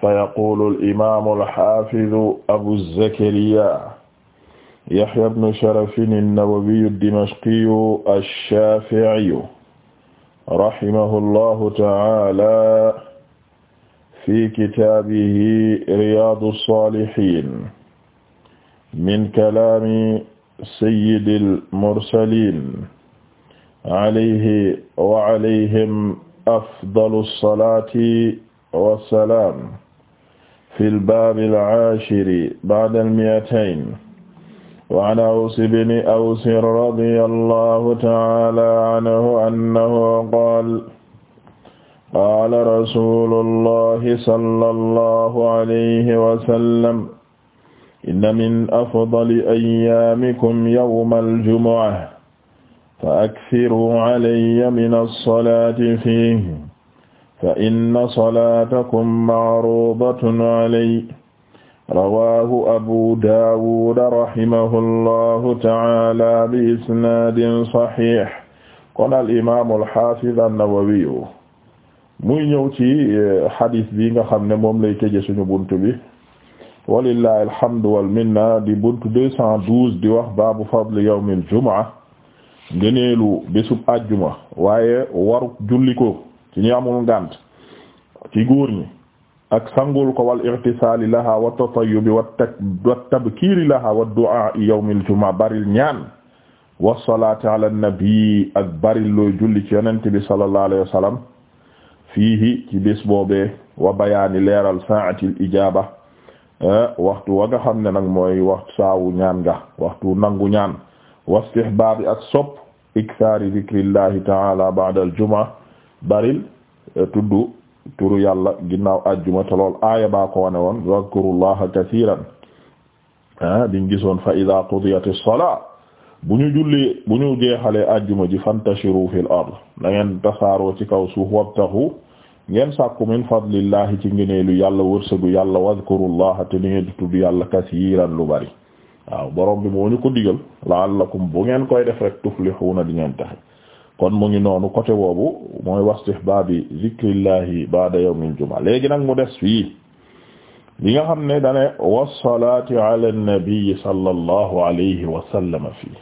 fa yaqulu al-imaamu al-haafidu abu zakariyaa yahyaa ibnu sharafin an-nawawiyyu ad-dimashqiyyu ash-shaafi'iyyu rahimahullaahu ta'aalaa fi kitaabihi riyaadu s-saalihiin min kalaami sayyidil mursaliin alayhi wa alayhim afdalu s-salaati wa s-salaam fil baabil caashiri ba'dal mi'atayn wa an Aws bni Aws radiyallahu ta'ala anhu annahu qaala qaala rasuulullahi sallallahu alayhi wa sallam inna min afdali ayyaamikum yawmal jumu'ati fa akthiruu alayya mina salaati fiihi fa inna salaatakum ma'ruudatun alayya rawaahu abu daawud rahimahullahu ta'aala bi isnaadin saxiix kon al imaam al xaafiz an-nawawi muy ñëw ci eh, xadis bi nga xam ne moom lay tëje suñu bunt bi walillahi alhamdu wal minna di bunt deux cent douze di wax baabu fadl yawmil jumaa ngëneelu bésub àjjuma waaye waru julli ko ci ñu amul ngànt ci góor ak sangul ko wal irtisaali laha wa tatayubi wa tak laha wa du'a yawmil jumaa baril ñaan wa salaati ala nabi ak baril looy julli ci yonent bi sallallahu alayhi wa sallam fiihi ci bis wa bayaani leeral saatil ijaaba eh, waxtu wa nga xam ne nag mooy waxtu saawu ñaan ga waxtu nangu ñaan wa ak sopp iktaari zikrillahi ta'ala ba'da baril eh, tudd turu yàlla ginnaaw ajjuma te lool aaya baa ko wane woon wadkurullaha katiran ah biñ gisoon fa ida qudiyatis salaa bu ñu julli bu ñu jeexalee ajjuma ji fantashiru fil ard da ngeen tasaaroo ci kaw suuf wabtaxu ngeen sàkku min fadlillahi ci lu yàlla wërsëgu yàlla wadkurullaha te ni ngeen di tudd yàlla kasiiran lu bari waaw borom bi moo ñu ko digal la'allakum bu ngeen koy def rek tuflihuna di ngeen taxe kon mu ngi noonu côté boobu mooy wastihbaabi zikrillahi ba'da yawmil jumaa léegi nag mu des fii li nga xam ne dane wasalaati ala nabi sallallahu alayhi wa sallam fii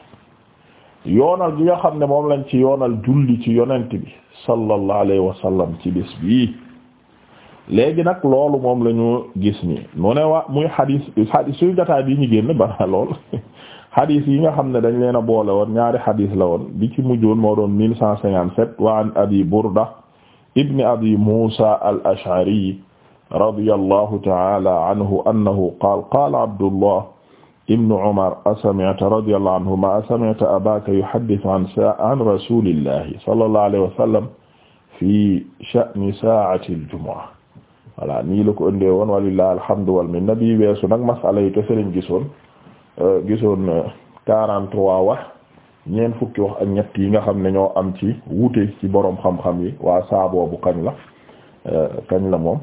yoonal gi nga xam ne moom lañ ci yoonal julli ci yonent bi sallallahu alayhi wa sallam ci bis bii léegi nag loolu moom lañu gis ni mu ne wa muy xadis xadis suñu jotaay bi ñu génn bana lool xadis yi nga xam ne dañ leen a boole woon ñaari xadis la woon bi ci mujjoon moo doon mille cent cinquante sept wa an abi burda ibni abi musa al ashari radiyallahu ta'ala anhu annahu qaala qaala abdullah ibnu umar asami'ta radiyallahu anhuma asami'ta abaka yuhaddithu an an rasulillahi sallallahu alayhi wa sallam fi sha'ni saa'ati al-jumu'a voilà nii la ko ëndee woon walillahi alhamdu wal minna bi weesu nag masala yi te sëriñ gisoon Euh, gisoon euh, quarante-trois wax ñeent fukki wax ak ñett yi nga xam ne ñoo am ci wuute ci boroom xam-xam yi waa saaboo bu kañ la euh, kañ la moom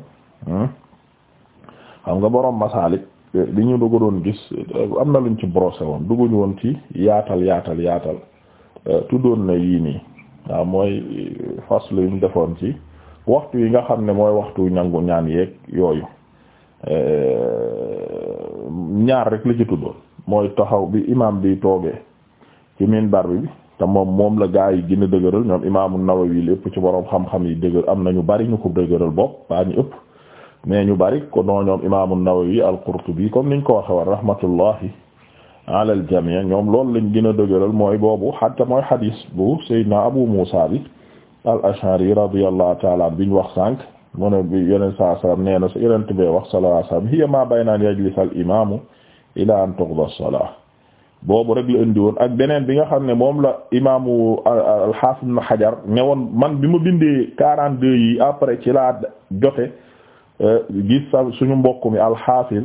hmm? xam nga boroom masaalik li ñu dugg doon gis am na luñ ci brosser woon dugguñu woon ci yaatal yaatal yaatal tuddoon na yii nii waaw mooy faslu yuñ defoon ci waxtu yi nga xam ne mooy waxtu ñangu ñaan yeeg yooyu ñaar rek la ci tuddoon mooy taxaw bi imaam bi toogee ci minbar bi te moom moom la gaa yi gën a dëgëral ñoom imaamu Nawawi lépp ci borom xam-xam yi dëgër am na ñu bari ñu ko dëgëral bopp baa ñu ëpp mais ñu bari ko noo ñoom imaamu Nawawi al-Qurtubi comme niñ ko waxe war rahmatullahi ala al-jami' ñoom loolu lañ gën a dëgëral mooy boobu hatta mooy hadis bu Seydina Abu Muusa bi al-Ash'ari radiyallahu ta'ala biñ wax sànq mu ne bi yeneen saa sallam nee na sa yenent bee wax sallallahu alayhi wa sallam hiya ma bayna yajlis ila an tuqda salaa boobu rek la indi woon ak beneen bi nga xam ne moom la imaamu al-Hafiz Ibn Hajar ne woon man bi ma bindee quarante deux yi après ci laa jote euh, gis suñu mbokk mi al-Hafiz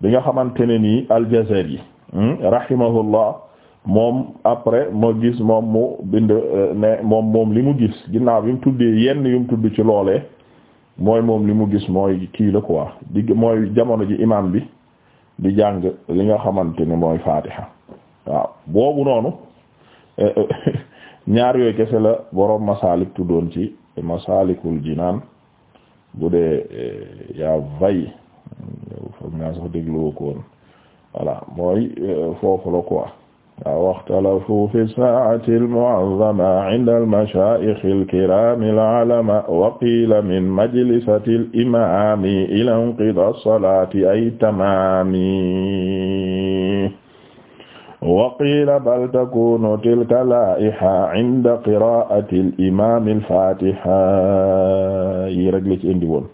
bi nga xamante ne nii al-Jazari hmm, rahimahullah moom après ma gis moom mu bind euh, ne moom moom li mu gis ginnaaw bi mu tuddee yenn yu mu tudd ci loolee mooy moom li mu gis mooy kii la quoi digg mooy jamono ji imam bi di jàng li nga xamante ne mooy fatiha waaw boobu noonu ñaar yooyu kese la borom masalik tuddoon ci masalikul jinaan bu dee eh, yaa vay foog naa sax dégluwo ko mooy eh, foofu la quoi waxtalafu fi saa'ati al-mu'azzama 'inda al-mashaayikh al-kiraam al-'ulama wa qiila min majlisati al-imaami ilaa inqidaa as-salaati ay tamaami wa qiila bal takuunu tilka laa'iha 'inda qiraa'ati al-imaami al-faatiha yi rek la ci indi woon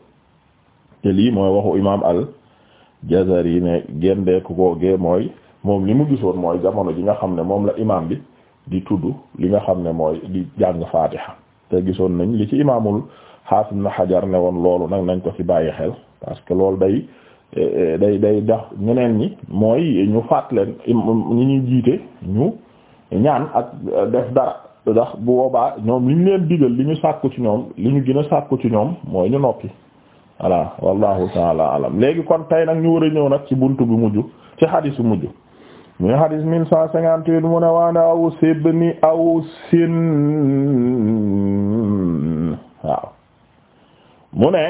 te lii mooy waxu imaam al-Jazari ne gendeeku googe mooy moom li mu gisoon mooy jamono ji nga xam ne moom la imaam bi di tudd li nga xam ne mooy di jàng faatiha te gisoon nañ li ci imaamul xaafis na xajar ne woon loolu nag nañ ko ci bàyyi xel parce que loolu day day day dax ñeneen ñi mooy ñu faat leen ñi ñuy jiite ñu ñaan ak def dara ndax bu boobaa ñoom li ñu leen digal li ñu sàkku ci ñoom li ñu gën a sàkku ci ñoom mooy ñu noppi voilà wallahu taala alam léegi kon tey nag ñu war a ñëw nag ci buntu bi mujj ci xadiis bu min hadis mille cent cinquante mu ne waan aw sibni aw mu ne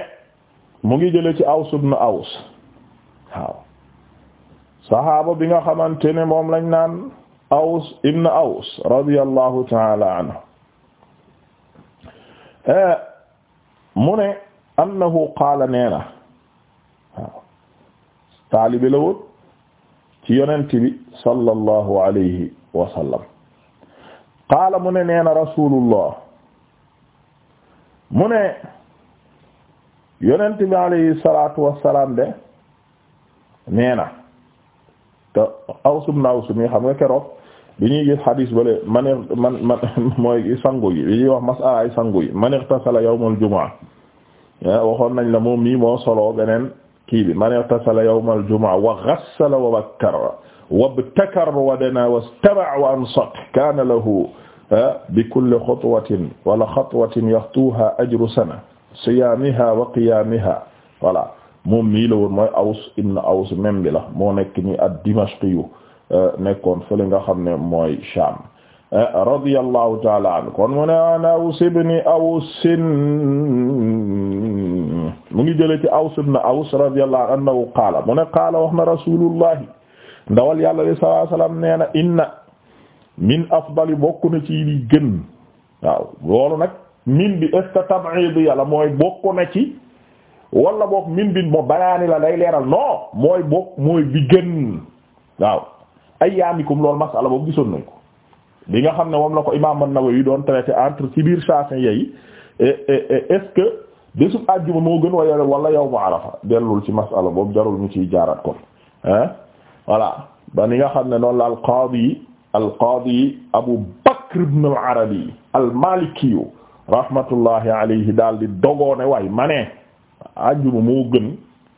mu ngi jële ci aws ibn aws waaw bi nga xamante ne moom lañ naan aws ibn aws radiyallahu taala anhu eh, mu ne annahu qaala nee na waaw taalibi ci yonent bi sallallahu alayhi wa sallam qaala mu ne nee na rasulullah mu ne yonent bi alayhi salatu wassalam de nee na te awsum na awsum yi xam nga keroog bi ñuy gis xadiis bale man man mooy sangu yi bi ñuy wax masala ay sangu yi man ightasala yawmul jumaa eh, waxoon nañ la moom mii moo solo beneen kii bi man ightasala yawma al-jumu'a wa ghassala wa bakkara wabtakar wa dana wastama'a wa ansat kana lahu bi kulli xutwatin wala xatwatin yaxtuuha ajru sana siyaamiha wa qiyaamiha voilà moom mii la woon mooy Aws ibn Aws même bi la moo nekk ni ad-Dimashqi yu nekkoon fële nga xam ne mooy Sham radiyallahu ta'ala anhu kon mu ne an Aws ibn Aws mu ngi jëlee ci Aws ibn Aws radiyallahu anhu qaala mu ne qaala wax na rasulullahi ndawal yàlla li sallallahu alayhi wasallam nee na inna min afdali bokk na ci li gën waaw loolu nag min bi est ce que tab'id yàlla mooy bokk na ci wala boog min bi mo banaani la lay leeral noo mooy bokk mooy bi gën waaw ayyaamikum loolu masala boobu gisoon nañ bi nga xam ne moom la ko imaam na nawawi doon traité entre ci biir chassin yeyi est bésub àjjuma moo gën wala wala yawmu arafa dellul ci masala boobu jarul ñu ciy jaarat kon ah voilà ba ni nga xam ne noonu la al qaadi al qaadi abu bakr ibn arabi al maliki rahmatullahi alayhi daal di dogoone waay ma ne àjjuma moo gën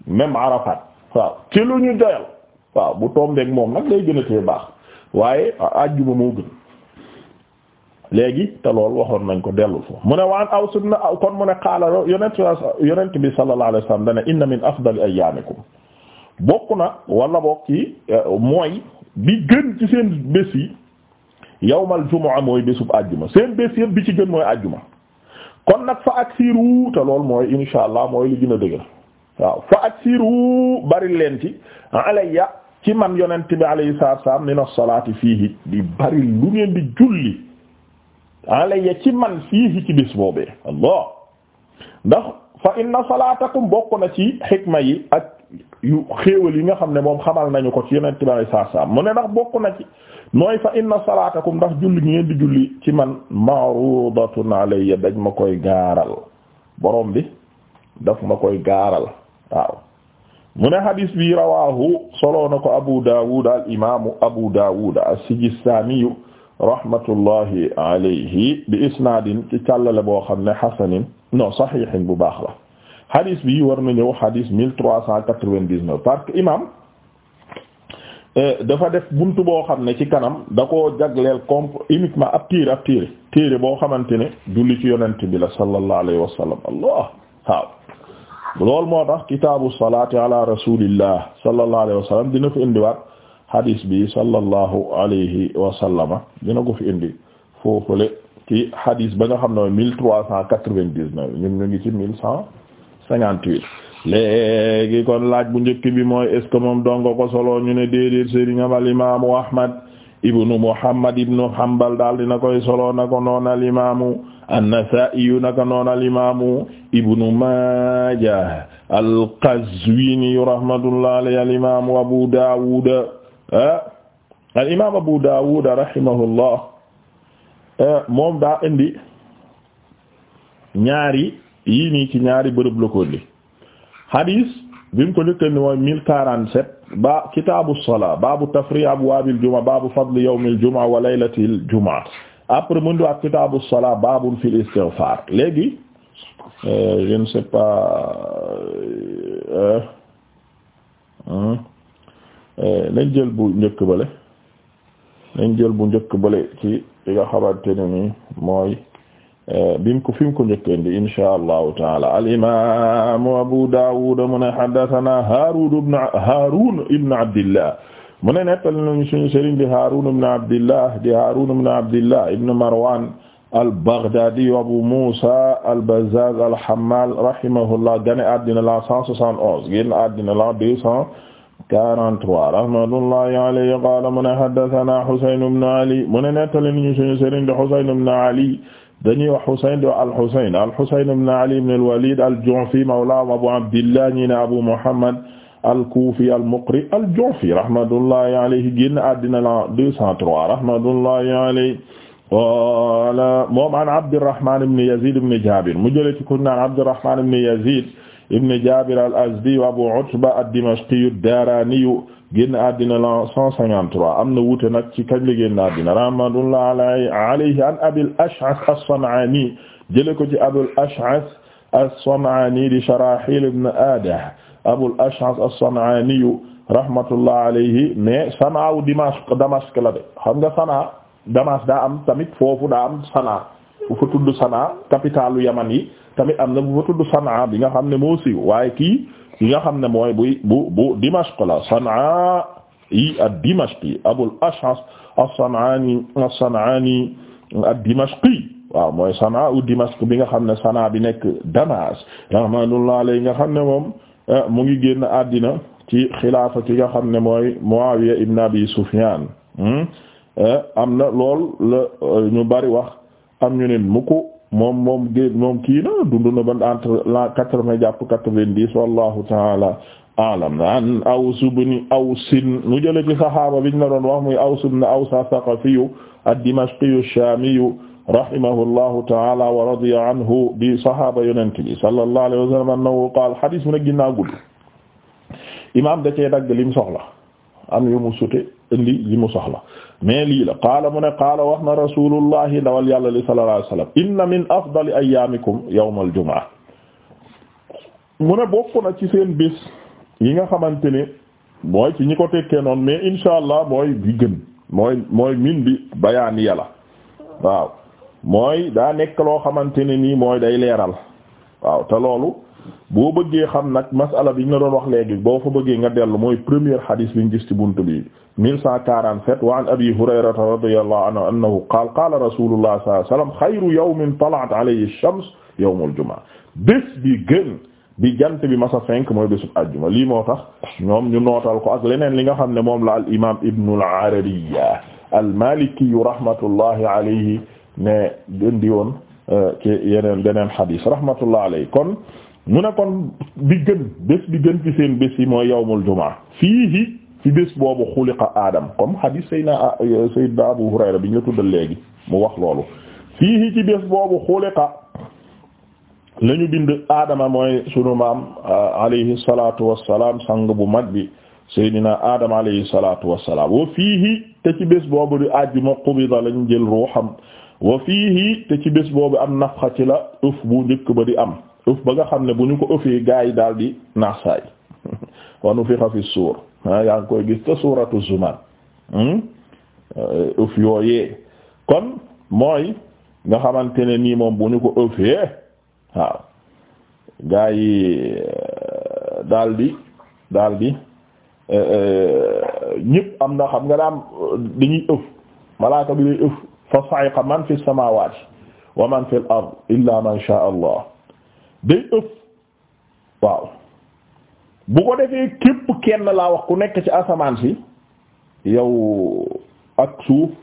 même arafat waaw ci lu ñu doyal waaw bu tombeek moom nag day gën baax waaye àjjuma moo gën léegi te loolu waxoon nañ ko dellu foofu mu ne waan Aws aw kon mu ne qaala yonent bi bi sallallahu alayhi wasallam dana inna min afdali ayyaamikum bokk na wala bokk ci eh, mooy bi gën ci seen bés yi yawmal jumu'a mooy bésub àjjuma seen bés yëpp bi ci gën mooy àjjuma kon nag fa aksiru te lool mooy insha allah mooy li gën a dëgër waaw fa aksiru bari leen ci alayya ci man yonenti bi alayhi salaatu wasallam min as-salaati fiihi di bari lu ngeen di julli alayya ci man fii ci bis boobee ndax fa inna salaatakum bokk na ci xikma yi ak yu xéewal yi nga xam ne moom xamal nañu ko ci yonent bi saa saa mu ne ndax bokk na ci mooy fa inna salaatakum ndax julli ngeen di julli ci man maarudatun alayya dañ ma koy gaaral borom bi daf ma koy gaaral waaw mu ne hadis bi rawaahu solo na ko Abu Dawud al imaamu Abu Dawud as-Sijistaniyu rahmatullahi alayhi bi isnaadin ki càllale boo xam ne hasanin non sahihin bu baax la hadis bi war na ñëw hadis mille trois cent quatre-vingt-dix-neuf parce que imam eh, dafa def buntu boo xam ne ci kanam da koo jagleel comp uniquement ab téere ab téere téere boo xamante ne julli ci yonent bi la sallallahu alayhi wa sallam allah waaw loolu moo tax kitaabu salaati ala rasulillah sallallahu alayhi wa sallam dina ko indiwaat hadis a sallallahu alayhi ba nga xam ne mille trois cent quatre-vingt-dix-neuf ñun kon laaj bu njëkk bi mooy est ce que moom donga ko solo ñu ne déedéet sëriñam al imaamu ahmad ibnu muhammad ibnu hanbal daal dina koy solo na ko noon al imaamu an-Nasaa'i naka noon al imaamu ibnu Maaja al-Qazwiini rahmatullahi alayhi al Abu Daawuud Ah, al imaam Abu Dawud rahimahullah eh, moom daa indi ñaari yii nii ci ñaari bërëb la ko indi hadis bi mu ko njëkk a indi wa laylatil juma après mu indi waat kitaabu salaa baabun fil Eh, nañ jël bu njëkk bale nañ jël bu njëkk bale ci li mooy eh, bim ko fi mu ko njëkk indi insha taala al imam abu dawud mu ne hadathana harun ibn harun ibn abdillah mu marwan al-Baghdadi Abu Musa al-Bazzaz al-Hammal rahimahullah gane addina la 171 génn addina la 43 rahmatullahi alayhi qala mu ne haddathana Husayn ibn Ali mu ne nettali ñu suñu sëriñ di Husayn ibn Ali dañuy wax Husayn di al-Husayn al-Husayn ibn Ali ibn al-Walid al-Ju'fi mawla Abu Abdillah ñi ne Abu Muhammad al-Kufi al-Muqri al-Ju'fi rahmatullahi alayhi génn àddina la 203 rahmatullahi alayhi qala moom an Abdurrahman ibn Yazid ibn Jabir mu jële ci ko naan Abdurrahman ibn Yazid ibn Jabir al-Azdi wa Abu Utba ad-Dimashqi ad-Darani génn àddina la 153 am na wuute nag ci kañ la génn àddina rahmatullah alayhi an Abil Ash'ath as-San'ani jële ko ci Abul Ash'ath as-San'ani di Sharahil ibn Adah Abul Ash'ath as-San'ani rahmatullah alayhi mais Sanaa wu Dimashq Damask la de xam nga Sanaa Damask daa am tamit foofu daa am Sanaa fu tudd Sanaa capitalu Yaman yi tamit am na bu fa tudd Sanaa bi nga xam ne moo waaye kii yi nga xam ne mooy buy bu bu Dimashq la Sanaa yi ad-Dimashqi Abul Ash'as as-San'ani as-San'ani ad-Dimashqi Sanaa u Dimashq bi nga xam ne Sanaa bi nekk Damas rahmatullahi alayhi nga xam ne moom eh, mu ngi génn àddina ci xilaafa ki nga xam ne mooy Muawiya ibn Abi Sufyan hmm? eh, am na lool la eh, ñu bari wax am ñu ne mu moom moom géej moom kii na dund na ba entre l'an quatre-vingt jàpp quatre-vingt-dix wallahu taala alam an Aws ibn Aws mu jële ci sahaaba biñ la doon wax muy Aws ibn Aws as-Saqafiyu ad-Dimashqiyu ash-Shaamiyu rahimahullahu taala wa radiya anhu di sahaaba yonent bi sallallahu alayhi wa sallam annahu qaala hadis mu ne ginnaaw gudd imaam da cee dagg li mu soxla am yu mu sute indi li mu soxla mais lii la qaala mu ne qaala wax na rasulullahi ndawal yàlla li sallallahu alayhi wasallam inna min afdali ayyaamikum yawmal jumaa mu ne bokk na ci seen bis yi nga xamante ni mooy ci ñi ko tekkee noon mais insha allah mooy bi gën mooy mooy min bi bayaani yàlla waaw mooy daa nekk loo xamante ne nii mooy day leeral waaw te loolu boo bëggee xam nag masala bi ñu la doon wax léegi boo fa bëggee nga dellu mooy premier hadith bi ñu gis ci buntu bi 1147 wa an abi hurayrata radiyallahu anhu annahu qaala qaala rasulullah sallallahu alayhi wasallam xayru yawmin tala'at alayhi ash-shams yawmul jumaa bés bi gën bi jant bi masa fenk mooy bésub ajjuma lii moo tax ñoom ñu nootal ko ak leneen li nga xam ne moom la al imam ibnu al arabiya al maliki rahmatullahi alayhi ne dëndi woon euh, yeneen beneen hadith rahmatullahi alayhi kon mu ne kon bi gën bés bi gën ci seen bés yi mooy yawmul jumaa fiihi ci bés boobu xuliqa aadam comme hadith euh, sayna sayyidna Abu Hurayra bi ñu la tuddal léegi mu wax loolu fiihi ci bés boobu xuliqa la ñu bind aadama mooy sunu maam euh, alayhi salatu wassalam sang bu mag bi sayyidina aadama alayhi salatu wassalam wa fiihi te ci bés boobu di àjjuma qubida lañ jël ruuxam wa fiihi te ci bés boobu am nafxa ci la ëf bu njëkk ba di am ëf ba nga xam ne bu ñu ko ëfee gaa yi daal di naxsaay wa nufixa fi suur yaa ngi koy gis te suuratu zumar hmm? uh, ëf yooyee kon mooy nga xamante ne nii moom bu ñu ko ëfee waaw gaa yi uh, daal di daal di uh, ñëpp am na xam nga daam dañuy ëf malaaka bi lay ëf fa sa'iqa man fi samaawaati wa man fil ard illa man sha allah day ëf waaw bu ko defee képp kenn laa wax ku nekk ci asamaan si yow ak suuf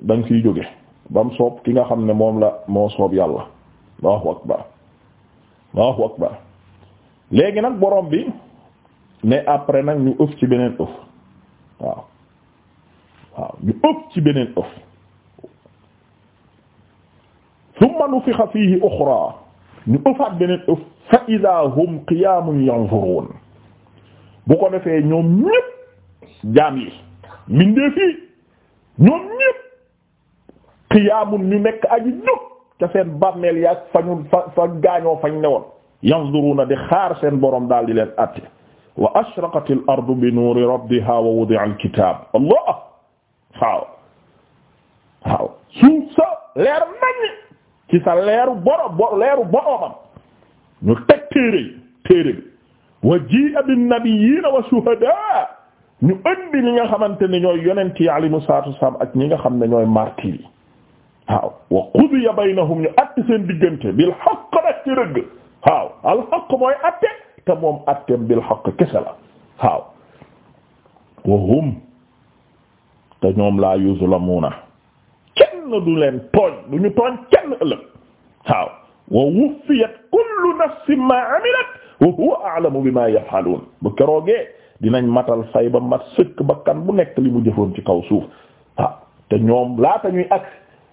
da nga fiy jóge bam mu soob ki nga xam ne moom la moo soob yàlla Allahu akbar Allahu akbar léegi nag borom bi mais après nag ñu ëf ci beneen ëf waaw ñu ëf ci beneen ëf thumma nufixa fiihi uxraa ñu ëffaat beneen ëf fa ida hum qiyaamun yanzurun bu ko defee ñoom ñëpp jaam yi mindee fii ñoom ñëpp qiyaamun ñu nekk aji jóg ca seen bàmmeel yaag fañu fa fa gaañoo fañ newoon yanzuruna di xaar seen borom daal di leen atte wa ashraqat al ardu bi nuuri rabbiha wa wudi'a al kitaab allah waaw waaw suuf sa leer nañ ci sa leeru borom leeru boromam ñu teg téere yi téere bi wa ji'a bin nabiyyiina wa shuhadaa ñu indi ñi nga xamante ne ñooy yonent yi alayhimu salaatu wassalaam ak ñi nga xam ne ñooy martyr yi waaw wa qudiya baynahum ñu àtte seen diggante bil haqq nag ci rëgg waaw al haqq mooy àtte te moom àtteem bil haqq kese la waaw wa hum te ñoom laa yuzlamuuna kenn du leen tooñ du ñu tooñ kenn ëllëg waaw wa wuffiyat kullu nafsin ma amilat wa huwa a'lamu bima yaf'alun bu keroogee dinañ matal fay ba mat sëkk bakkan bu nekk li mu jëfoon ci kaw suuf waaw te ñoom laata ñuy ak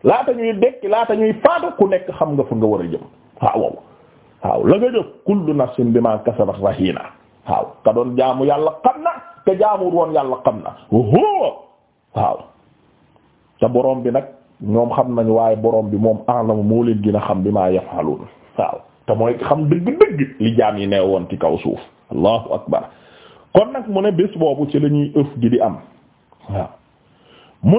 laata ñuy dekki laata ñuy faatu ku nekk xam nga fa nga war a jëm waaw waaw la nga jëf kullu nafsin bima kasabat rahina waaw ka doon jaamu yàlla xam na te jaamuwul woon yàlla xam na wa waaw te borom bi nag ñoom xam nañ waaye boroom bi moom a'lamu moo leen gën a xam bi maa yaf'alun waaw te mooy xam dëgg-dëgg li jaam yi ne woon ci kaw suuf allahu akbar kon nag mu ne bés boobu ci la ñuy di am mu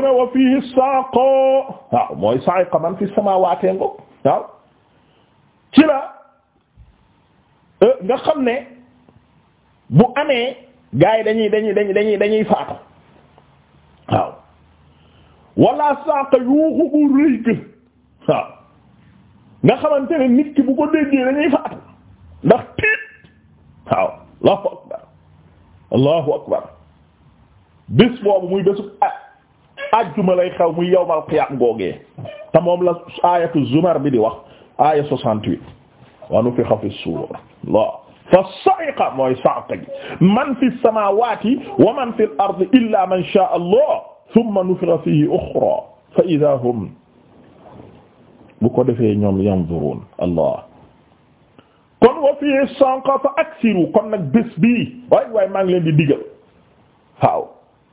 mooy sa'iqa man fi samaawaatee ngo euh, nga xam ne bu amee gaa yi dañuy dañuy dañuy dañuy faatu wala saaka yuuxu ko rëy gën waaw xamante ne nit ki bu ko déggee dañuy faatu ndax tiit waaw allahu akbar allahu akbar bés boobu muy bésu ajjuma lay xew muy yawmal qiyaam googee te moom la aayatu zumar bi di wax aaya soixante-huit wa nufixa fi suur la fa sa'iqa mooy saaka gi man fi samaawaati wa man fil illa man shaa allah thumma nufixa fiihi uxraa fa idaa hum bu ko defee ñoom yanzuruun allah kon wa fiihi sanqa fa aksiru kon nag bés bii waay waay maa ngi leen di digal waaw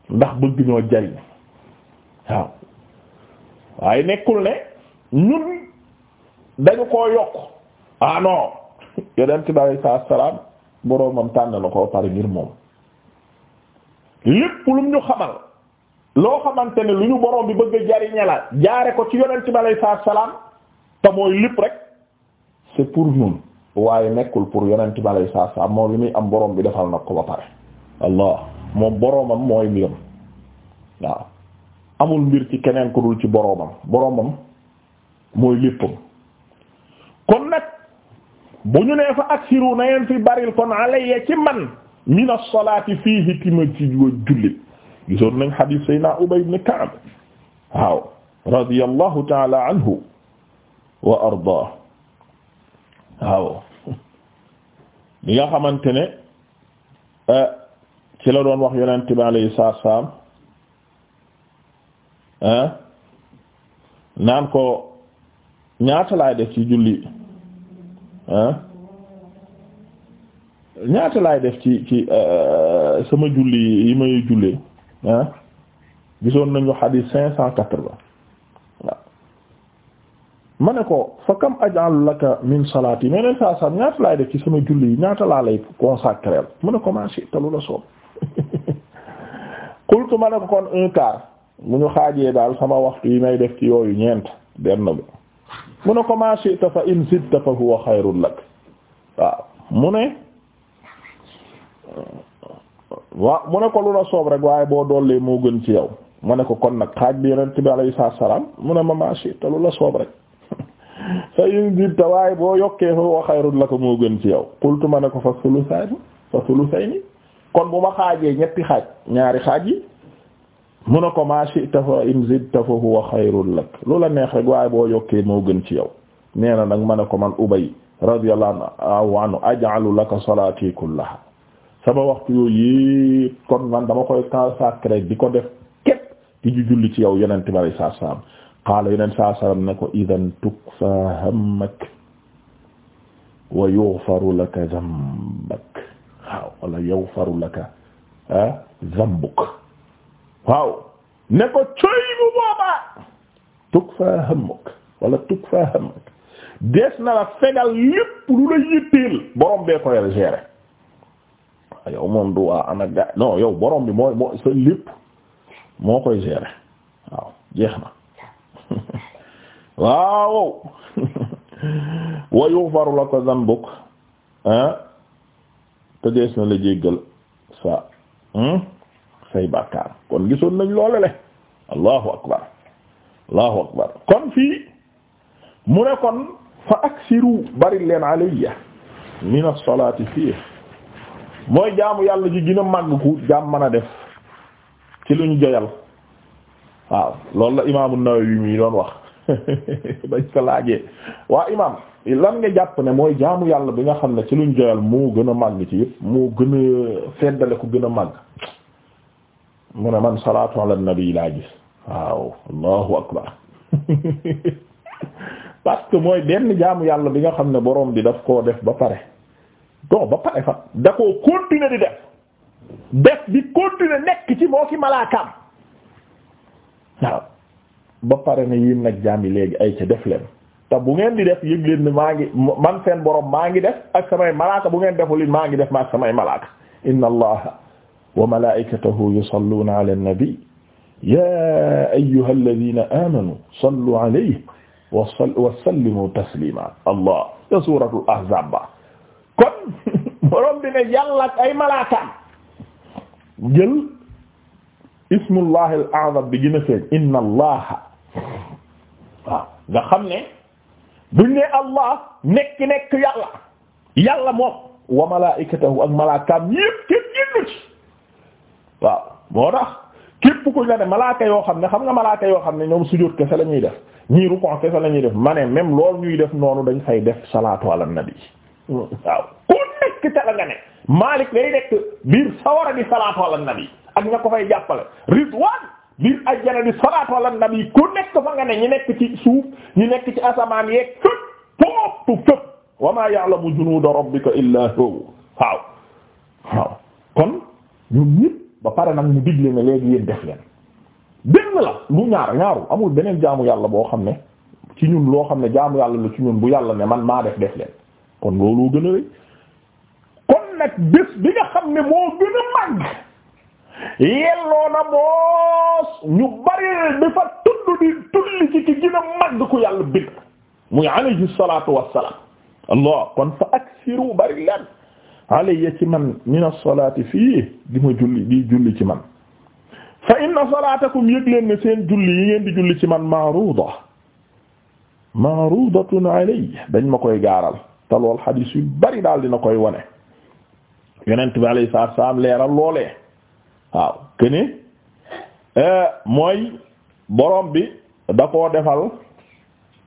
ndax bëgg ñoo jariñ waaw waaye nekkul ne ñun dañu koo yokk ah non yonent bi alayhi salaam boroomam tànn la ko pare ngir moom lépp lu ñu xamal loo xamante ne lu ñu borom bi bëgg a jariñe la jaare ko ci yonent bi alayhi salaam te mooy lépp rek c'est pour ñun waaye nekkul pour yonent bi alayhi salaam moom li muy am boroom bi defal na ko ba pare allah moom boroomam mooy mbiram waaw amul mbir ci keneen ku dul ci boromam boromam mooy léppam kon nag bu ñu nee fa aksiru na ngeen fi baril kon alayya ci man min as-salati fihi ci ma gisoon nañ xadiis sayna Ubay ibn Ka'b waaw radiyallahu ta'ala anhu wa ardaa waaw li nga xamante ne eh, ci la doon wax yonent bi alayhi salaam eh, naan ko ñaata laay def ci julli eh, ñaata laay def ci ci sama julli yi may jullee ah gisoon nañu xadiis cinq cent quatre-vingts waaw ma ne ko fa kam ajal laka min salaati mais neen saa sam ñaata laay def ci sama julli yi ñaata laa lay consacré mu ne ko ma shi'ta lu la soob qultu ma ne ko kon un quart mu ñu xaajee daal sama waxtu yi may def ci yooyu ñeent benn bi mu ne ko ma shi'ta fa in zidta huwa xayrun lak waaw mu ne waaw mu ne ko lu la soob rek waaye boo doolee moo gën ci yow ma ne ko kon nag xaaj bi yonent bi alayhi salaam mu ne ma machi te lu la soob rek fa in jibta waaye boo yokkee fa wa xayrun moo gën ci yow qultu ma ne ko fa sulusayni fa sulusayni kon bu ma xaajee ñetti xaaj ñaari xaaj yi mu ne ko machi ta fa in zidta fa huwa xayrun lak lu la neex rek waaye boo yokkee moo gën ci yow nee na nag ma ne ko man ubay radiyallahu anhu aj'alu laka salati kullaha sama waxtu yooyu yëpp kon man dama koy consacré di ko def képp di ju julli ci yow yonent bi alayhi salaatu salaam qaala yonent ne ko idan tukfaa hammak wa walla laka dhanbak laka dhanbuk waaw ne ko coy bu boobaa tukfaa hammuk wala tukfaa hammak dees na la fegal lépp lu la yitteel borom bee koy gérer yow moom duwaa ana ga non yow borom bi mooy moo sa lépp moo koy gérer waaw jeex na waaw wa yughfaru laka dhanbuk te dees na la jéggal sa hmm? say bàkkaar kon gisoon nañ loole le allahu akbar allahu akbar kon fii mu ne kon fa aksiru bari leen alayya min as-salati mooy jaamu yàlla ji gën a màgg ku jaam mën a def ci lu ñu joyal waaw loolu la imaamu Nawawi mi doon wax bañ ko laajee waa imaam lan nga jàpp ne mooy jaamu yàlla bi nga xam ne ci lu ñu joyal moo gën a màgg ci yëpp moo gën a feddale ku gën a màgg mu ne man salaatu ala nabi laa gis waaw allahu akbar parce mooy benn jaamu yàlla bi nga xam ne boroom bi daf koo def ba pare do ba pare fa da koo continuer di def def di continuer nekk ci moo ki malaakaam waaw ba pare ne yéen nag léegi ay ca def leen te bu ngeen di def yëg leen ni maa ngi man seen borom maa def ak malaaka bu ngeen deful maa ngi def ma ak samay malaaka inna allaha wa malaikatahu yusalluna ala an-nabi ya ayyuha alladhina amanu borom bi ne yàlla ak ay malaakaam jël ismullahi al-a'zam bi gën a feeñ inna nga xam ne buñ ne allah nekk nekk yàlla yàlla moom wa malaa'ikatahu ak malaakaam yépp képp génn ci waaw moo tax képp ku la ne malaaka yoo xam ne xam nga malaaka yoo xam ne ñoom sujjóot kese la ñuy def ñii rukon kese la ñuy def ma ne même loolu ñuy def noonu dañ fay def salaatu ala nabi waaw ku nekk ca la nga ne Malik day nekk biir sawara di salaatu ala nabi ak nga ko fay jàppale Ridwan biir ajjana di salaatu ala nabi ku nekk fa nga ne ñu nekk ci suuf ñu nekk ci asamaan yeeg fépp pooptu fépp wa ma junuuda rabbika illaa waaw waaw kon ñun ñëpp ba pare nag mu digle ne léegi yéen def leen benn la lu ñaar ñaaru amul beneen jaamu yàlla boo xam ne ci ñun loo xam ne jaamu yàlla la ci ñun bu yàlla ne man maa def def leen kon looloo gën a rëy kon nag bés bi nga xam ne moo gën a màgg yelloo na moos ñu bari dafa tudd di tulli ci ki gën a ku yàlla bind muy alayhi salatu wassalam allah kon fa aksiru bari lan alayya ci man min as fii di ma julli di man fa inna salatakum yëg leen ne seen julli yi ngeen di julli ci man maaruda maarudatun alayya dañ ma koy gaaral te lool xadiis yu bari daal dina koy wane yonent bi alayhi salaatu salaam leeral loolee waaw këni eh, mooy borom bi da koo defal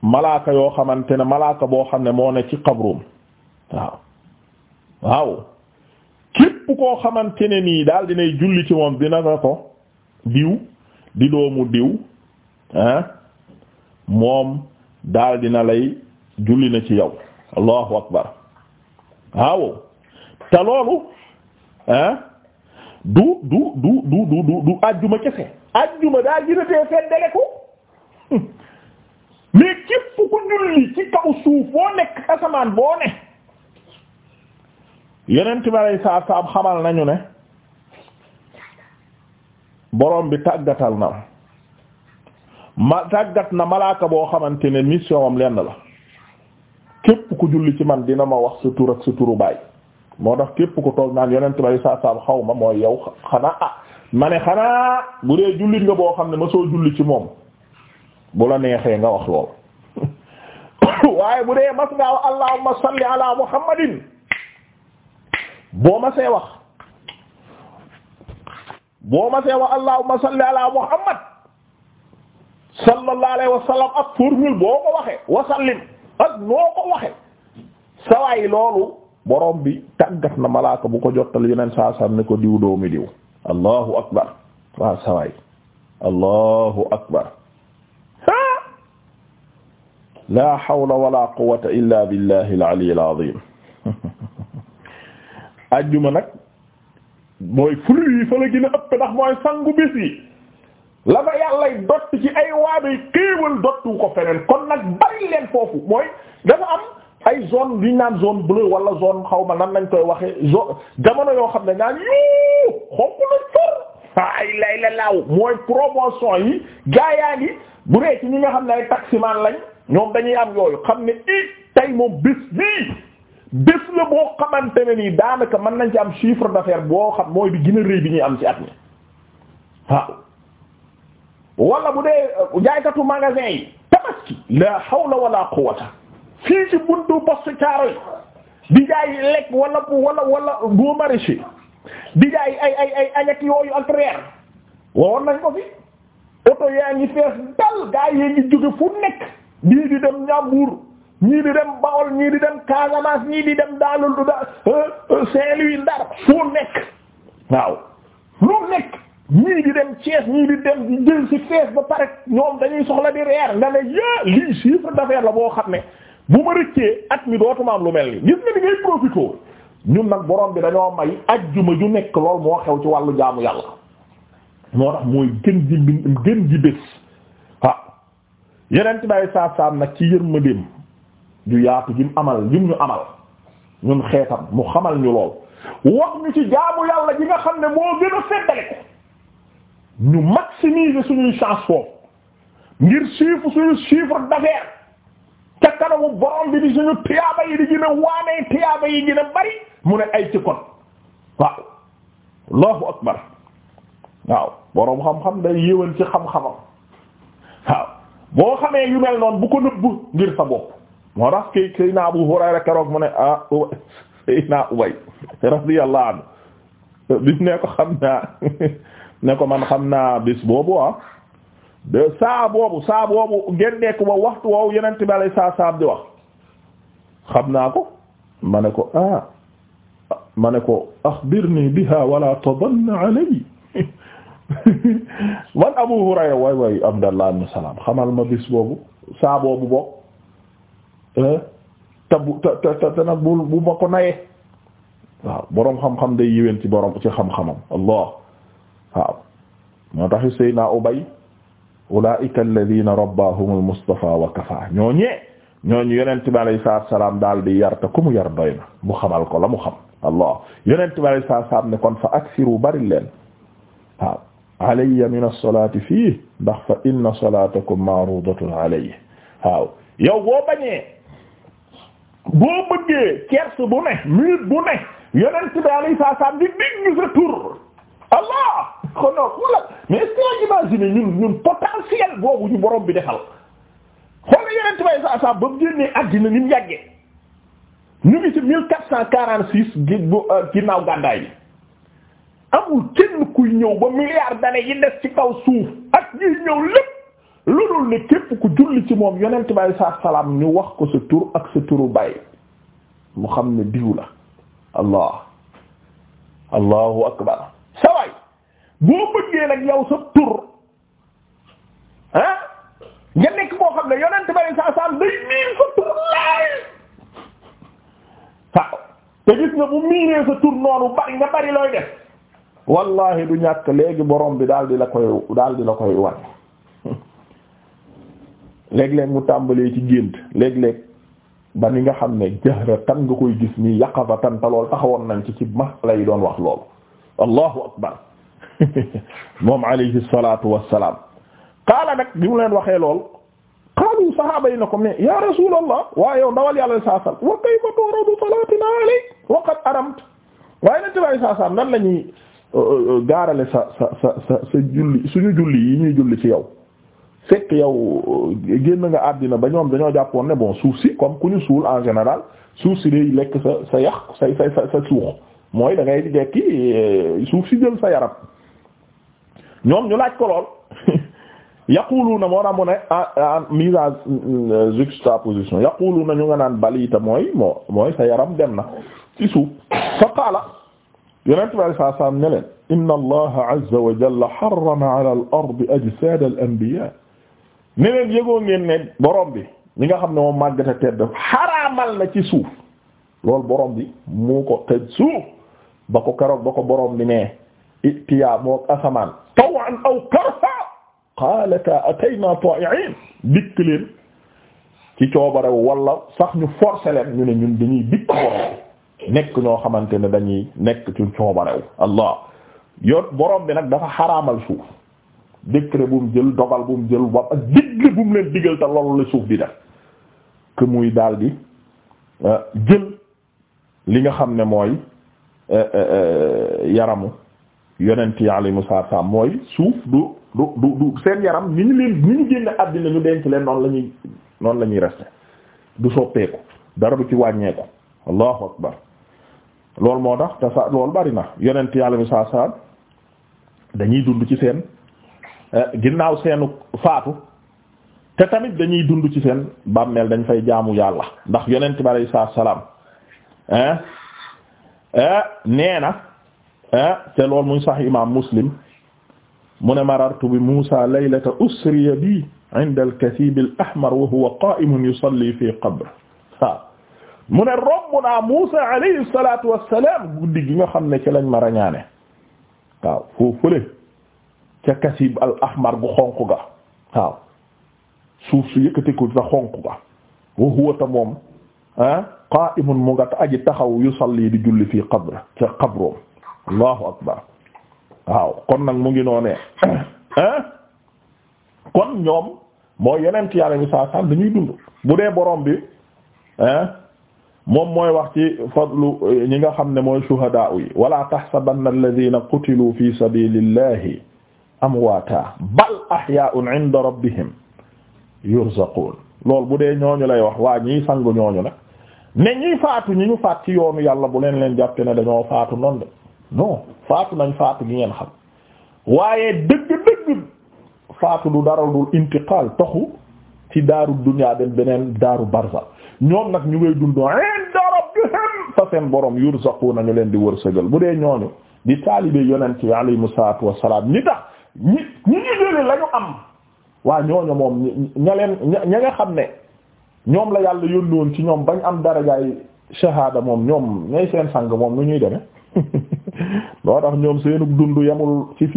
malaaka yoo xamante ne malaaka boo xam ne moo ne ci xabrum waaw waaw képp koo xamante ne nii daal dinay julli ci moom dina nga ko diw di doomu diw ah moom daal dina lay julli na ci yow allahu akbar waaw te loolu ah du du du du du du du ajjuma kese ajjuma daa gën a tee feddale ko mais képp ci kaw suuf boo nekk asamaan boo ne yeneen timelay saa saam xamal nañu ne borom bi tàggatal na ma tàggat na malaaka boo xamante ne mission am lenn la képp ku julli ci man dina ma wax sa tur ak sa turu baay moo tax képp ku toog naan yonent bay saa saam xaw ma mooy yow xanaa ah ma ne xanaa bu dee jullit nga boo xam ne ma soo julli ci moom bu la neexee nga wax lool waaye bu dee mas ngaa allahumma salli ala muhammadin boo ma see wax boo ma see wax allahumma salli ala muhammad sallallahu alayhi ak formule boo ko waxee wa ak noo ko waxe sawaay loolu borom bi na malaaka bu ko jottal yeneen saa saa ne ko diw doomi diw allahu akbar waaw sawaay allahu akbar la hawla wala quwwata illa billahi al-ali al-azim ajjuma nag mooy ful yi fa la sangu bis la fa yàllay dott ci ay waadoy xéewal dottu ko feneen kon nag bari leen foofu mooy dafa am ay zone liñ naan zone bleue wala zone xaw ma nan lañ koy waxee zone jamono yoo xam ne naan yu xonk ay lay la laaw mooy yi gaayaa ngi bu dee ñi nga xam ne ay taximan lañ ñoom dañuy am yooyu xam ne i tey moom bés bii bés la boo xamante ne nii daanaka mën nañ ci am chiffre d'affaires boo xam mooy bi gën a rëy bi ñuy am ci at mi waaw wala bu dee uh, jaaykatu magasin yi tabaski la hawla wala quwwata fii ci buntu poste caaroy di jaay lekk wala wala wala boo maraîcher di jaay ay ay ay añak yooyu ak reer wawoon nañ ko fi oto yaa ngi fees dal gaa yi ngi jóge fu nekk ñii di dem Ñambuur ñii di dem Bawol ñii di dem Casamance ñii di dem daalul du da euh, euh, Saint-Louis Ndar fu nekk waaw lu nekk ñii di dem Thiès ñii di dem jël ci fees ba pare ñoom dañuy soxla di reer nga ne yaa lii chiffre d'affaires la boo xam ne bu ma rëccee at mi dootuma am lu mel ni gis nga ni ngay profité ñun nag borom bi dañoo may ajjuma ju nekk lool moo xew ci wàllu jaamu yàlla moo tax mooy gën ji gën ji bés waaw yeneen ci bàyyi saab-saab nag ci yërmandeem ju yaatu jim amal jim ñu amal ñun xeetam mu xamal ñu lool wax ñu ci jaamu yàlla ji nga xam ne moo gën a seddale ko ñu maximiser suñuy chance foofu ngir chiffre suñu chiffre d'affaires ca kanamu borom bi di suñu tiyaaba yi di gën waanee tiyaaba yi gën bari mu ne ay ci kon waaw allahu akbar waaw boroom xam-xam day yéwal ci xam-xamam waaw boo xamee yu mel noonu bu ko nëbb ngir sa moo tax kay kay na Abu Hurayra keroog mu ne ah Ubay kay naa Ubay ne ko xam naa ne ko man xam naa bis boobu ah de saa boobu saa boobu gendeeku ba waxtu woowu yeneen tibaale saa saab di wax xam naa ko ma ne ko ah ma ne ko axbirni biha wala tadann alay man Abu Hurayra waay waay ma bis boobu saa eh? bu te te te nag bu ma ko naye waaw boroom xam-xam day yiwén ci boroom ci xam-xamam Allah waaw moo taxi Seydina Ubay ulaa'ika alladhiina rabbahumul Mustafa wa kafaa ñooñee ñooñu yonent bi salaam daal di yar te ku mu yar doy ko la mu xam allah yonent bi alayhi salaatu salaam ne kon fa aksiru bari leen waaw alayya min as-salaati fii ndax fa inna salaatakum ma'ruudatun alayya waaw yow boo bañee boo bëggee kerse bu ne minute bu salaam di digg sa tur allah xanaa xoola mais est-ce que ñun ñun potentiel boobu ñu borom bi defal xoola yeneen tibay sa sa ba mu génnee àddina ni mu yàggee ñu ngi ci mille quatre cent quarante six euh, ginnaaw gàddaay bi amul kenn kuy ñëw ba milliards d'années yi des ci kaw suuf ak ñuy ñëw lépp loolu ne képp ku julli ci moom yonent bi alayhi salaatu salaam ñu wax ko sa tur ak sa turu baay mu xam ne diw la allah allahu akbar boo bëggee nag yow sa tur ah nga nekk boo xam ne yonent bari saa saam day miir sa tur laay waaw gis nga bu miiree sa tur noonu bari nga bari looy def wallahi du ñàkk léegi borom bi daal di la koy daal di la mu tàmbalee ci gént léeg-léeg ba ni nga xam ne jahra tan nga koy gis nii yaqazatan te lool taxawoon nañ ci ci masala doon wax loolu allahu akbar moom alayhi salaatu wassalaam qaala nag bi mu leen waxee lool qaalu sahaaba yi na ko mais ya rasulallah waaye yow ndawal yàlla saa sal wa kayfa salaatina alayk wa qad waaye nag la ñuy euh, euh, gaarale sa sa sa sa sa julli ñuy julli ci yow fekk yow euh, génn nga àddina ba ñoom dañoo jàppoon ne bon suuf si comme ku ñu suul en général suuf si day lekk sa sa yàq sa sa suux mooy dangay ngay suuf si jël sa yaram ñoom ñu laaj ko lool yaquluna moo tax mu ne en ah, ah, mise en euh, juxtaposition yaquluna ñu nga naan balita mooy moo mooy sa yaram dem na ci suuf fa qaala yonent bi alayhi salaam ne leen inna allaha azza wa jalla harrama ala ne leen mi nga xam ne moom màggata tedd xaraamal na ci suuf loolu borom bi mu suuf ba ko keroog ba ko borom ne itiyaa mook asamaan an aw karha qaalata atayna ta'i'in dikk leen ci coobare wala sax ñu forcer leen ñu ne ñun dañuy dikk borom nekk ñoo xamante ne dañuy nekk ci coobarew allah yoot borom bi nag dafa xaraamal suuf décret bu mu jël dogal bu mu jël ba ak digle bu mu leen digal te loolu la suuf di def que muy daal di euh, jël li nga xam ne mooy euh, euh, yaramu yonent yi alayhimu salaam mooy suuf du du du seen yaram ni ñu leen ni ñu génn àddina ñu denc leen noonu la ñuy noonu la ñuy resté du soppeeku dara du ci wàññeeku allahu akbar loolu moo tax te sa loolu bari na yonent yi alayhimu salaam dañuy dund ci seen eh, ginnaaw seenu faatu te tamit dañuy dund ci seen bàmmeel dañ fay jaamu yàlla ndax yonent bi alayhi salaam eh, eh, nee na. Eh? te lool muy sax imam muslim mu ne marartu bi Muusa laylata usriya bi inda al-kasiib al-ahmar wa huwa qaa'imun yusalli fi qabr waaw mu ne romb naa Muusa alayhi salaatu wa salaam guddi gi nga xam ne ci lañ ma rañaane waaw foofule ca kasiib al-ahmar gu xonq ga waaw suuf su yëkkati ko sa xonq ga wa huwa ta moom ah eh? qaa'imun mu nga aji taxaw yusalli di julli fi qabr ca qabroom allahu akbar waaw kon nag mu ngi noonee kon ñoom mooy yeneen ci yàlla bi saa dañuy dund bu dee boroom bi moom mooy wax ci fadlu ñi nga xam ne mooy shuhadaa yi wala tahsabanna alladhina qutilu fi sabilillahi amwaata bal ahyaa'un 'inda rabbihim yurzaqun lool bu dee ñooñu lay wax waa ñii sangu ñooñu nag ne ñiy faatu ñi ñu faat ci yoonu yàlla bu leen leen jàpp ne dañoo faatu noonu de non faatu nañ faatu gi ngeen xam waaye dëgg dëgg faatu dara dul intiqal toxu ci daaru dunya dem beneen daaru barza ñoom nag ñu ngay dundoo inda rabbihim fa seen borom yurzaquna ñu leen di wërsëgal bu dee ñooñu di taalibe yonent bi alayhi salaatu wassalaam ñi tax ñi ñi ñu jële lañu am waa ñooñu moom ña leen ña nga xam ne ñoom la yàlla yónni woon ci ñoom bañ am darajaay shahaada moom ñoom ñooy seen sang moom nu ñuy deme moo tax ñoom seenu dund yamul ci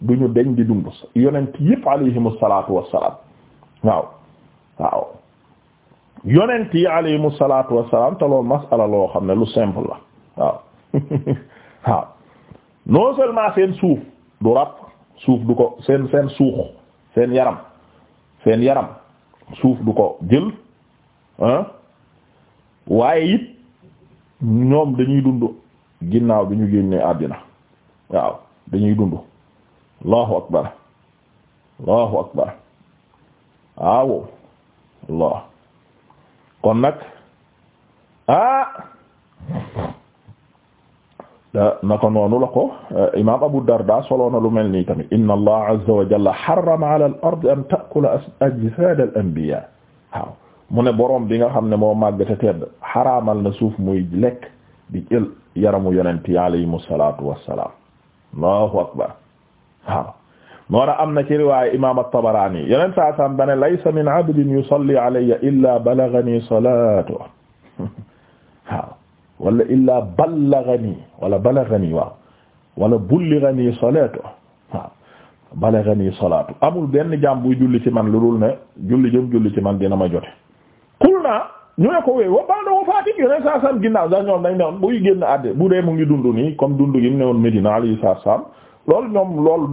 du ñu deñ di dund yonent yëpp alayhimu salaatu wassalaam waaw waaw yonent yi alayhimu salaatu wassalaam te loolu masala loo xam ne lu simple la waaw waaw non seen suuf du rab suuf du ko seen seen suux seen yaram seen yaram suuf du ko jël waaye it ñoom dañuy dund ginnaaw bi ñu génnee àddina waaw dañuy dund allahu akbar allahu akbar waaw allah kon nag ah naka noonu la ko eh, imam Abu Darda soloona lu mel nii tamit inna allah azza wa jalla al ard ne boroom bi nga xam ne moo màgg te suuf muy lekk di jël yaramu yonent yi alayhimu salaatu wassalaam allahu akbar waaw noora am na ci riwaaya imaam at-Tabaraani yonent saa saam dane laysa min abdin yusalli alayya illaa balaghanii salaatuhu waaw wala illaa ballaghanii wala balaghanii waaw wala bullighanii salaatuhu waaw balaghanii salaatuhu amul benn jaam buy julli ci man lu dul ne julli jëm julli ci man dina ma jote qulnaa ñu ne ko wéy wa ba'da wafaati yeneen saa saam ginnaaw sax ñoom dañ ne woon buy génn àddina bu mu ngi dund nii comme dund gi mu ne lool Medina alayhi salaam loolu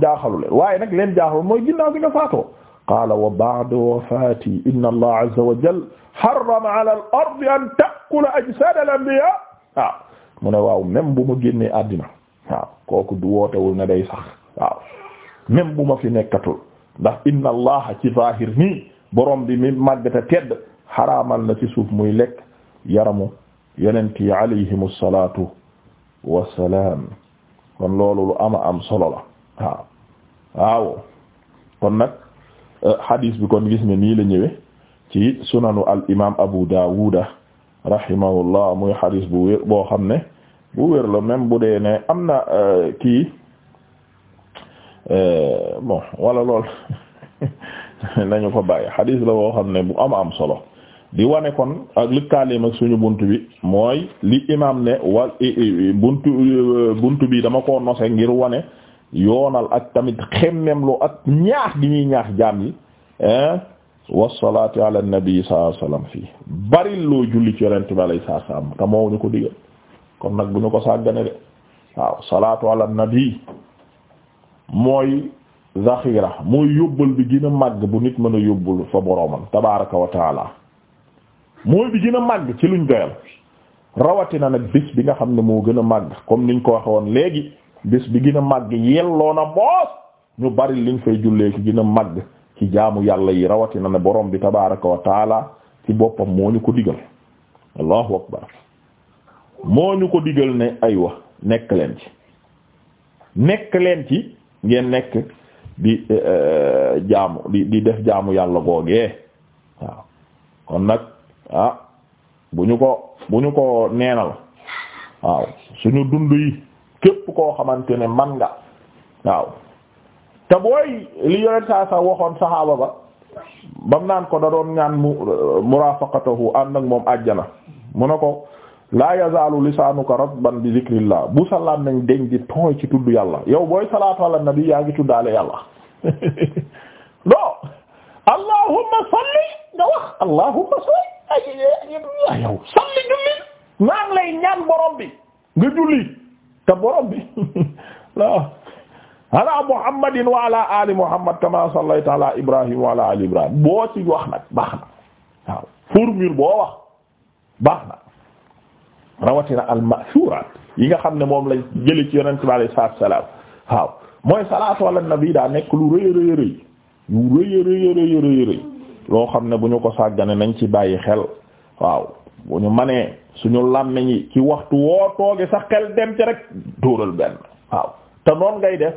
waaye nag leen jaaxalu mooy ginnaaw gi nga faatoo wa ba'da wafaati inna allah azza wa jalla harrama ala al ardi an ta'kula ajsad al anbiya waaw mu àddina kooku du wootewul ne day sax waaw fi nekkatul ndax inna allah ci zahir nii borom bi mi màgg te xaraamal na ci suuf muy lekk yaramu yonent yi alayhimu salaatu wassalaam kon loolu lu ama am solo la waaw waaw kon nag eh, xadis bi kon gis ne nii la ñëwee ci sunanu al imaam Abu Daawuda rahimahullah muy hadis bu wér boo xam ne bu wér la même bu dee ne am na eh, kii eh, bon wala lool nañu ko bàyyi hadis la boo xam ne bu ama am solo. di wane kon ak lëkkaaleem ak suñu bunt bi mooy li imam ne wa buntu bi dama ko nose ngir wane yoonal ak tamit xemmem loo ak ñaax gi ñuy ñaax jaam yi wasalaatu ala nabi sallallahu alayhi wasallam fii ko nag bu ñu ko sàggane de waaw salaatu ala nabi mooy zaxira mooy yóbbal bi gën a màgg bu nit mën a yóbbul fa boromam tabaaraka wa mooy bi gën a màgg ci luñ doyal rawatina nag bis bi nga xam ne moo gën a màgg comme ñu ko waxe woon léegi bis bi gën a màgg yelloo na boos ñu bari liñ fay jullee ki gën a màgg ci jaamu yàlla yi rawatina ne borom bi tabaraka wa taala ci boppam moo ñu ko digal allahu akbar moo ñu ko digal ne aywa nekk leen ci nekk leen ci ngeen nekk di eh, eh, jaamu di di def jaamu yàlla googee waaw kon nag ah bu ñu ko bu ñu ko neenal waaw suñu dund yi képp koo xamante ne man nga waaw te booy li yonent saa sa waxoon saxaaba ba bam naan ko da doon ñaan mu murafaqatahu ànd ak moom àjjana mu ne ko laa yazaalu lisaanuka ratban bi zikrillah bu salaam nañ deñ di tooy ci tudd yàlla yow booy salaatu ala nabi yaa ngi tuddaale yàlla non allahumma salli nga wax allahumma salli ay ay yow salli julli maa lay ñaan borom nga julli te borom bi muhammadin wa ala ali muhammad kama sallayta ala ibrahim wa ala ali ibrahim boo ci wax nag baax na waaw formule boo wax baax rawatina al yi nga xam ne moom lañ jële ci yonent bi alayhi salaatu salaam waaw mooy salaatu ala nabi daa nekk lu rëy rëy rëy lu rëy rëy rëy rëy loo xam ne bu ñu ko sàggane nañ ci bàyyi xel waaw bu ñu manee suñu làmmiñ yi ci waxtu woo tooge sa xel dem ci rek dóoral benn waaw te noon ngay def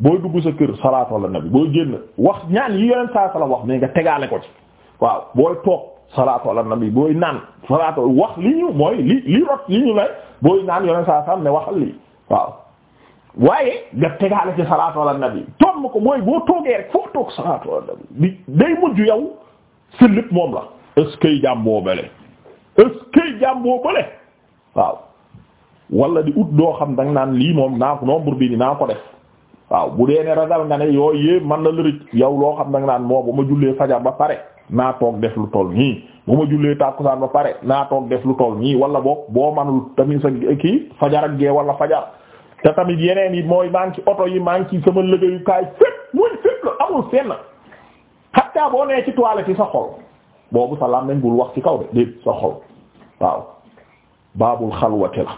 booy dugg sa kër salaatu ala nabi booy wax ñaan yi yoneen saa sala wax mais nga tegaale ko ci waaw booy toog salaatu ala nabi booy naan salaatu wax li ñu mooy li li rot li ñu lay booy naan yoneen saa sala ne waxal lii waaw waaye nga tegaale ci salaatu ala nabi toog ko mooy boo toogee rek foo toog salaatu ala nabi bi day mujj yow si lépp moom la est-ce que jàmm boo bële est jàmm boo bële waaw wala di ut doo xam da nga naan lii moom naa ko bi ni naa ko def waaw bu dee ne ragal nga ne yooyu yëpp man la lërëj yow loo xam da naan moo bu ma jullee fajar ba pare naa toog def lu toll nii bu ma jullee tàkkusaan ba pare naa toog def lu toll nii wala boog boo manul tamit sa kii fajar ak gee wala fajar te tamit yeneen yi mooy maa ngi ci oto yi maa ngi ci sama liggéeyukaay fépp mooy la amul xatta boo nee ci toilette yi sa xol boobu sa làmmiñ bul wax ci kaw de déet sa xol waaw baabul xalwati la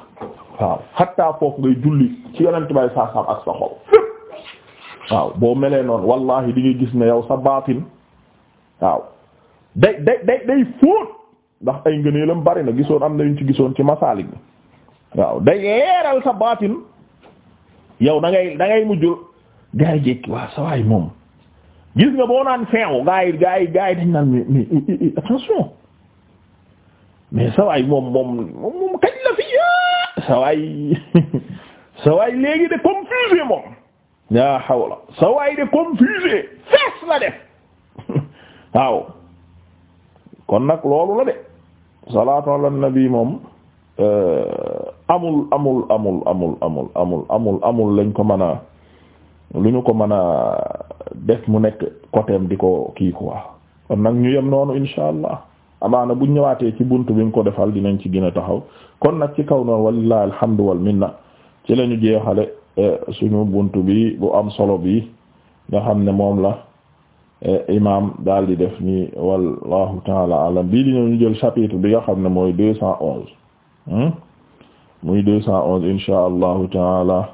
waaw xatta foofu ngay julli ci yonent bay saasaam ak sa xol waaw boo melee noonu wallahi di nga gis ne yow sa baatin waaw day day day day fóot ndax ay ngëneelam bari na gisoon am na yuñ ci gisoon ci masaalik bi waaw day leeral sa baatin yow da ngay da ngay mujj gaa waa sawaay moom gis nga boo naan feewu gaa yi gaa yi gaa yi dañ naan mais attention mais sawaay moom moom moom moom kañ la fi yaa ah, sawaay sawaay léegi de confusé moom yaa hawla sawaay de confusé fees la def waaw kon nag loolu la de salaatu ala nabi moom euh, amul amul amul amul amul amul amul amul lañ ko mën a lu ñu ko mën a def mu nekk côtéem di ko kii quoi kon nag ñu yem noonu insha allah amaana buñ ñëwaatee ci bunt bi mu ko defal dinañ ci gën a taxaw kon nag ci kaw noonu walillahi alhamdu wal minna ci lañu jeexale eh, suñu bunt bi bu am solo bi nga xam ne moom la eh, imam daal di def nii wallahu taala alam bii di ñu jël chapitre bi nga xam ne mooy deux cent onze hmm? muy deux cent allahu taala